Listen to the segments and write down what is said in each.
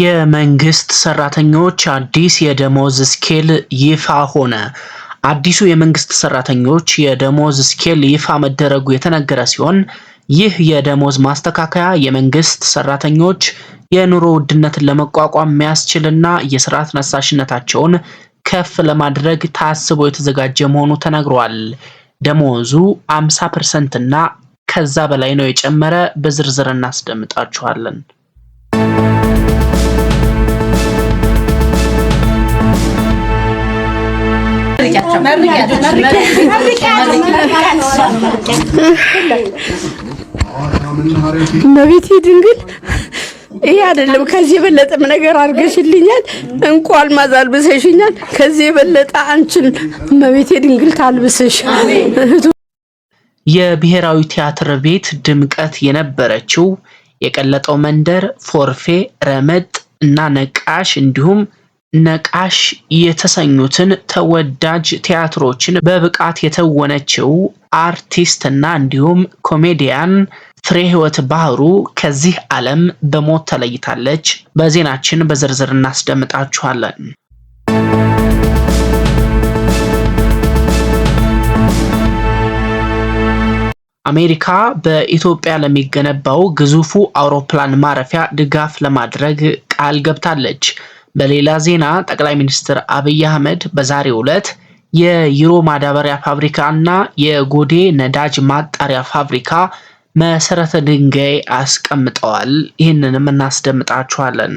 የመንግስት ሰራተኞች አዲስ የደሞዝ ስኬል ይፋ ሆነ። አዲሱ የመንግስት ሰራተኞች የደሞዝ ስኬል ይፋ መደረጉ የተነገረ ሲሆን ይህ የደሞዝ ማስተካከያ የመንግስት ሰራተኞች የኑሮ ውድነትን ለመቋቋም የሚያስችልና የስራ ተነሳሽነታቸውን ከፍ ለማድረግ ታስቦ የተዘጋጀ መሆኑ ተነግሯል። ደሞዙ 50 ፐርሰንት እና ከዛ በላይ ነው የጨመረ። በዝርዝር እናስደምጣችኋለን። መቤቴ ድንግል ይሄ አይደለም። ከዚህ የበለጠም ነገር አድርገሽልኛል። እንቁ አልማዝ አልብሰሽኛል። ከዚህ የበለጠ አንቺን መቤቴ ድንግል ታልብስሽ። የብሔራዊ ቲያትር ቤት ድምቀት የነበረችው የቀለጠው መንደር ፎርፌ፣ ረመጥ እና ነቃሽ እንዲሁም ነቃሽ የተሰኙትን ተወዳጅ ቲያትሮችን በብቃት የተወነችው አርቲስት እና እንዲሁም ኮሜዲያን ፍሬ ህይወት ባህሩ ከዚህ ዓለም በሞት ተለይታለች። በዜናችን በዝርዝር እናስደምጣችኋለን። አሜሪካ በኢትዮጵያ ለሚገነባው ግዙፉ አውሮፕላን ማረፊያ ድጋፍ ለማድረግ ቃል ገብታለች። በሌላ ዜና ጠቅላይ ሚኒስትር አብይ አህመድ በዛሬው ዕለት የዩሮ ማዳበሪያ ፋብሪካ እና የጎዴ ነዳጅ ማጣሪያ ፋብሪካ መሰረተ ድንጋይ አስቀምጠዋል። ይህንንም እናስደምጣችኋለን።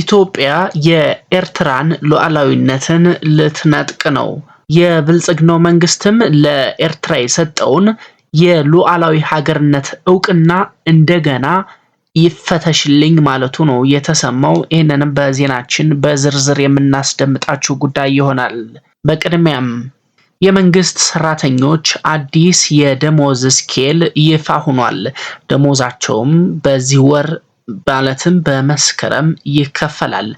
ኢትዮጵያ የኤርትራን ሉዓላዊነትን ልትነጥቅ ነው። የብልጽግናው መንግስትም ለኤርትራ የሰጠውን የሉዓላዊ ሀገርነት እውቅና እንደገና ይፈተሽልኝ ማለቱ ነው የተሰማው። ይህንንም በዜናችን በዝርዝር የምናስደምጣችሁ ጉዳይ ይሆናል። በቅድሚያም የመንግስት ሰራተኞች አዲስ የደሞዝ ስኬል ይፋ ሆኗል። ደሞዛቸውም በዚህ ወር ማለትም በመስከረም ይከፈላል።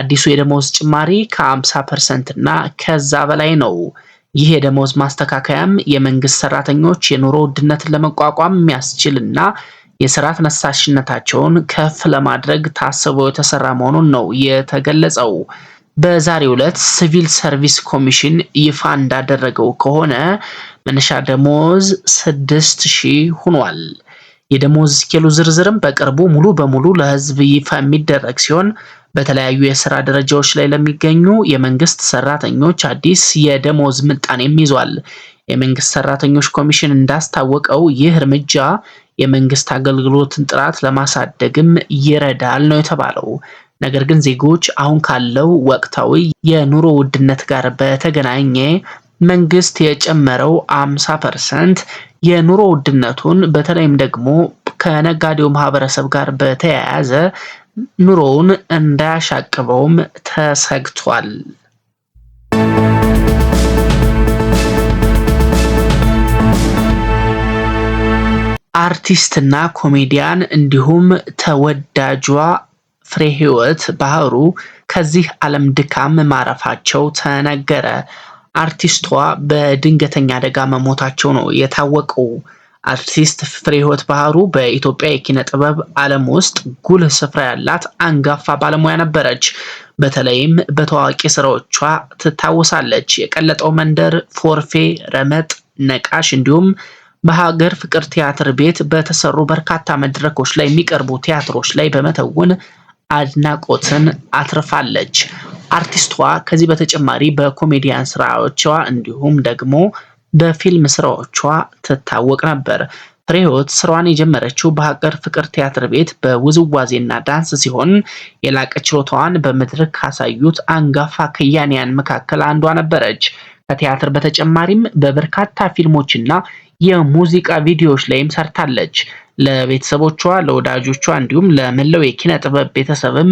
አዲሱ የደሞዝ ጭማሪ ከ50 ፐርሰንት እና ከዛ በላይ ነው። ይህ የደሞዝ ማስተካከያም የመንግስት ሰራተኞች የኑሮ ውድነትን ለመቋቋም የሚያስችል የስራ ተነሳሽነታቸውን ከፍ ለማድረግ ታስቦ የተሰራ መሆኑን ነው የተገለጸው። በዛሬው ዕለት ሲቪል ሰርቪስ ኮሚሽን ይፋ እንዳደረገው ከሆነ መነሻ ደሞዝ ስድስት ሺህ ሆኗል። የደሞዝ ስኬሉ ዝርዝርም በቅርቡ ሙሉ በሙሉ ለህዝብ ይፋ የሚደረግ ሲሆን በተለያዩ የስራ ደረጃዎች ላይ ለሚገኙ የመንግስት ሰራተኞች አዲስ የደሞዝ ምጣኔም ይዟል። የመንግስት ሰራተኞች ኮሚሽን እንዳስታወቀው ይህ እርምጃ የመንግስት አገልግሎትን ጥራት ለማሳደግም ይረዳል ነው የተባለው። ነገር ግን ዜጎች አሁን ካለው ወቅታዊ የኑሮ ውድነት ጋር በተገናኘ መንግስት የጨመረው 50 ፐርሰንት የኑሮ ውድነቱን በተለይም ደግሞ ከነጋዴው ማህበረሰብ ጋር በተያያዘ ኑሮውን እንዳያሻቅበውም ተሰግቷል። አርቲስትና ኮሜዲያን እንዲሁም ተወዳጇ ፍሬ ህይወት ባህሩ ከዚህ ዓለም ድካም ማረፋቸው ተነገረ። አርቲስቷ በድንገተኛ አደጋ መሞታቸው ነው የታወቀው። አርቲስት ፍሬህይወት ባህሩ በኢትዮጵያ የኪነ ጥበብ ዓለም ውስጥ ጉልህ ስፍራ ያላት አንጋፋ ባለሙያ ነበረች። በተለይም በታዋቂ ስራዎቿ ትታወሳለች። የቀለጠው መንደር፣ ፎርፌ፣ ረመጥ፣ ነቃሽ እንዲሁም በሀገር ፍቅር ቲያትር ቤት በተሰሩ በርካታ መድረኮች ላይ የሚቀርቡ ቲያትሮች ላይ በመተውን አድናቆትን አትርፋለች። አርቲስቷ ከዚህ በተጨማሪ በኮሜዲያን ስራዎቿ እንዲሁም ደግሞ በፊልም ስራዎቿ ትታወቅ ነበር። ፍሬህይወት ስራዋን የጀመረችው በሀገር ፍቅር ቲያትር ቤት በውዝዋዜና ዳንስ ሲሆን የላቀ ችሎታዋን በመድረክ ካሳዩት አንጋፋ ከያንያን መካከል አንዷ ነበረች። ከቲያትር በተጨማሪም በበርካታ ፊልሞችና የሙዚቃ ቪዲዮዎች ላይም ሰርታለች። ለቤተሰቦቿ፣ ለወዳጆቿ እንዲሁም ለመላው የኪነ ጥበብ ቤተሰብም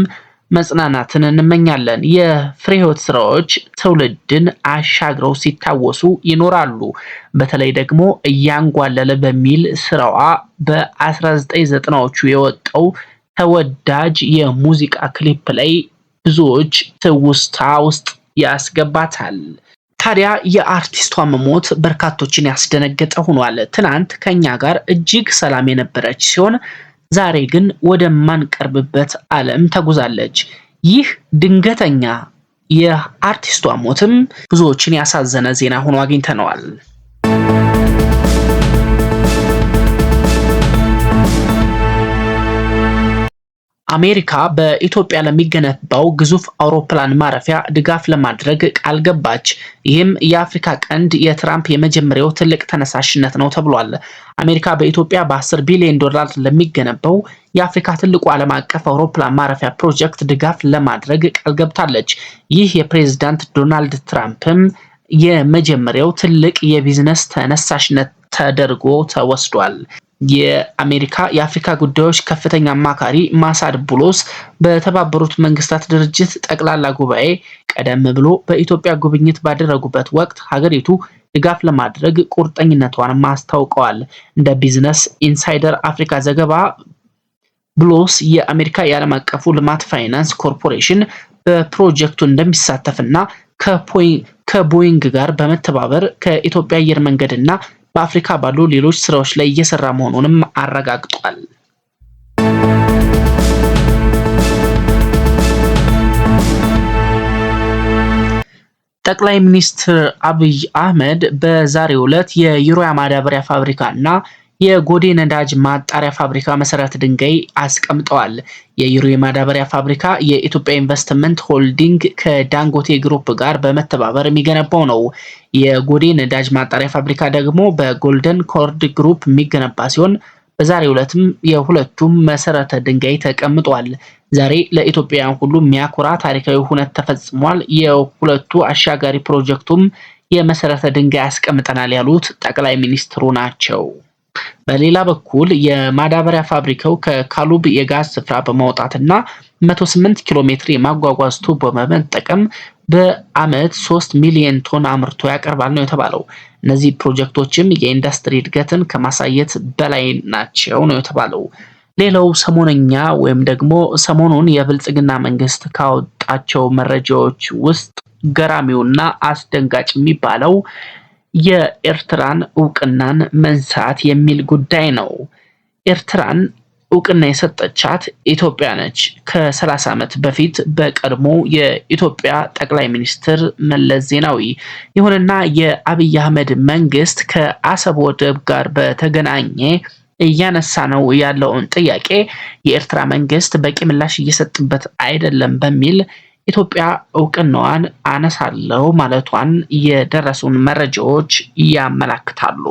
መጽናናትን እንመኛለን። የፍሬ ስራዎች ትውልድን አሻግረው ሲታወሱ ይኖራሉ። በተለይ ደግሞ እያንጓለለ በሚል ስራዋ በ1990ዎቹ የወጣው ተወዳጅ የሙዚቃ ክሊፕ ላይ ብዙዎች ትውስታ ውስጥ ያስገባታል። ታዲያ የአርቲስቷ መሞት በርካቶችን ያስደነገጠ ሆኗል። ትናንት ከኛ ጋር እጅግ ሰላም የነበረች ሲሆን ዛሬ ግን ወደማንቀርብበት ዓለም ተጉዛለች። ይህ ድንገተኛ የአርቲስቷ ሞትም ብዙዎችን ያሳዘነ ዜና ሆኖ አግኝተነዋል። አሜሪካ በኢትዮጵያ ለሚገነባው ግዙፍ አውሮፕላን ማረፊያ ድጋፍ ለማድረግ ቃል ገባች። ይህም የአፍሪካ ቀንድ የትራምፕ የመጀመሪያው ትልቅ ተነሳሽነት ነው ተብሏል። አሜሪካ በኢትዮጵያ በ10 ቢሊዮን ዶላር ለሚገነባው የአፍሪካ ትልቁ ዓለም አቀፍ አውሮፕላን ማረፊያ ፕሮጀክት ድጋፍ ለማድረግ ቃል ገብታለች። ይህ የፕሬዝዳንት ዶናልድ ትራምፕም የመጀመሪያው ትልቅ የቢዝነስ ተነሳሽነት ተደርጎ ተወስዷል። የአሜሪካ የአፍሪካ ጉዳዮች ከፍተኛ አማካሪ ማሳድ ቡሎስ በተባበሩት መንግስታት ድርጅት ጠቅላላ ጉባኤ ቀደም ብሎ በኢትዮጵያ ጉብኝት ባደረጉበት ወቅት ሀገሪቱ ድጋፍ ለማድረግ ቁርጠኝነቷን ማስታውቀዋል። እንደ ቢዝነስ ኢንሳይደር አፍሪካ ዘገባ ብሎስ የአሜሪካ የዓለም አቀፉ ልማት ፋይናንስ ኮርፖሬሽን በፕሮጀክቱ እንደሚሳተፍና ከቦይንግ ጋር በመተባበር ከኢትዮጵያ አየር መንገድና በአፍሪካ ባሉ ሌሎች ስራዎች ላይ እየሰራ መሆኑንም አረጋግጧል። ጠቅላይ ሚኒስትር አብይ አህመድ በዛሬው ዕለት የዩሪያ ማዳበሪያ ፋብሪካ እና የጎዴ ነዳጅ ማጣሪያ ፋብሪካ መሰረት ድንጋይ አስቀምጠዋል። የዩሮ የማዳበሪያ ፋብሪካ የኢትዮጵያ ኢንቨስትመንት ሆልዲንግ ከዳንጎቴ ግሩፕ ጋር በመተባበር የሚገነባው ነው። የጎዴ ነዳጅ ማጣሪያ ፋብሪካ ደግሞ በጎልደን ኮርድ ግሩፕ የሚገነባ ሲሆን በዛሬ ዕለትም የሁለቱም መሰረተ ድንጋይ ተቀምጧል። ዛሬ ለኢትዮጵያውያን ሁሉ የሚያኮራ ታሪካዊ ሁነት ተፈጽሟል። የሁለቱ አሻጋሪ ፕሮጀክቱም የመሰረተ ድንጋይ አስቀምጠናል ያሉት ጠቅላይ ሚኒስትሩ ናቸው። በሌላ በኩል የማዳበሪያ ፋብሪካው ከካሉብ የጋዝ ስፍራ በማውጣትና 108 ኪሎ ሜትር የማጓጓዝ ቱቦ በመጠቀም በአመት 3 ሚሊዮን ቶን አምርቶ ያቀርባል ነው የተባለው። እነዚህ ፕሮጀክቶችም የኢንዱስትሪ እድገትን ከማሳየት በላይ ናቸው ነው የተባለው። ሌላው ሰሞነኛ ወይም ደግሞ ሰሞኑን የብልጽግና መንግስት ካወጣቸው መረጃዎች ውስጥ ገራሚውና አስደንጋጭ የሚባለው የኤርትራን እውቅናን መንሳት የሚል ጉዳይ ነው። ኤርትራን እውቅና የሰጠቻት ኢትዮጵያ ነች። ከ30 ዓመት በፊት በቀድሞ የኢትዮጵያ ጠቅላይ ሚኒስትር መለስ ዜናዊ። ይሁንና የአብይ አህመድ መንግስት ከአሰብ ወደብ ጋር በተገናኘ እያነሳ ነው ያለውን ጥያቄ የኤርትራ መንግስት በቂ ምላሽ እየሰጥበት አይደለም በሚል ኢትዮጵያ እውቅናዋን አነሳለው ማለቷን የደረሱን መረጃዎች ያመላክታሉ።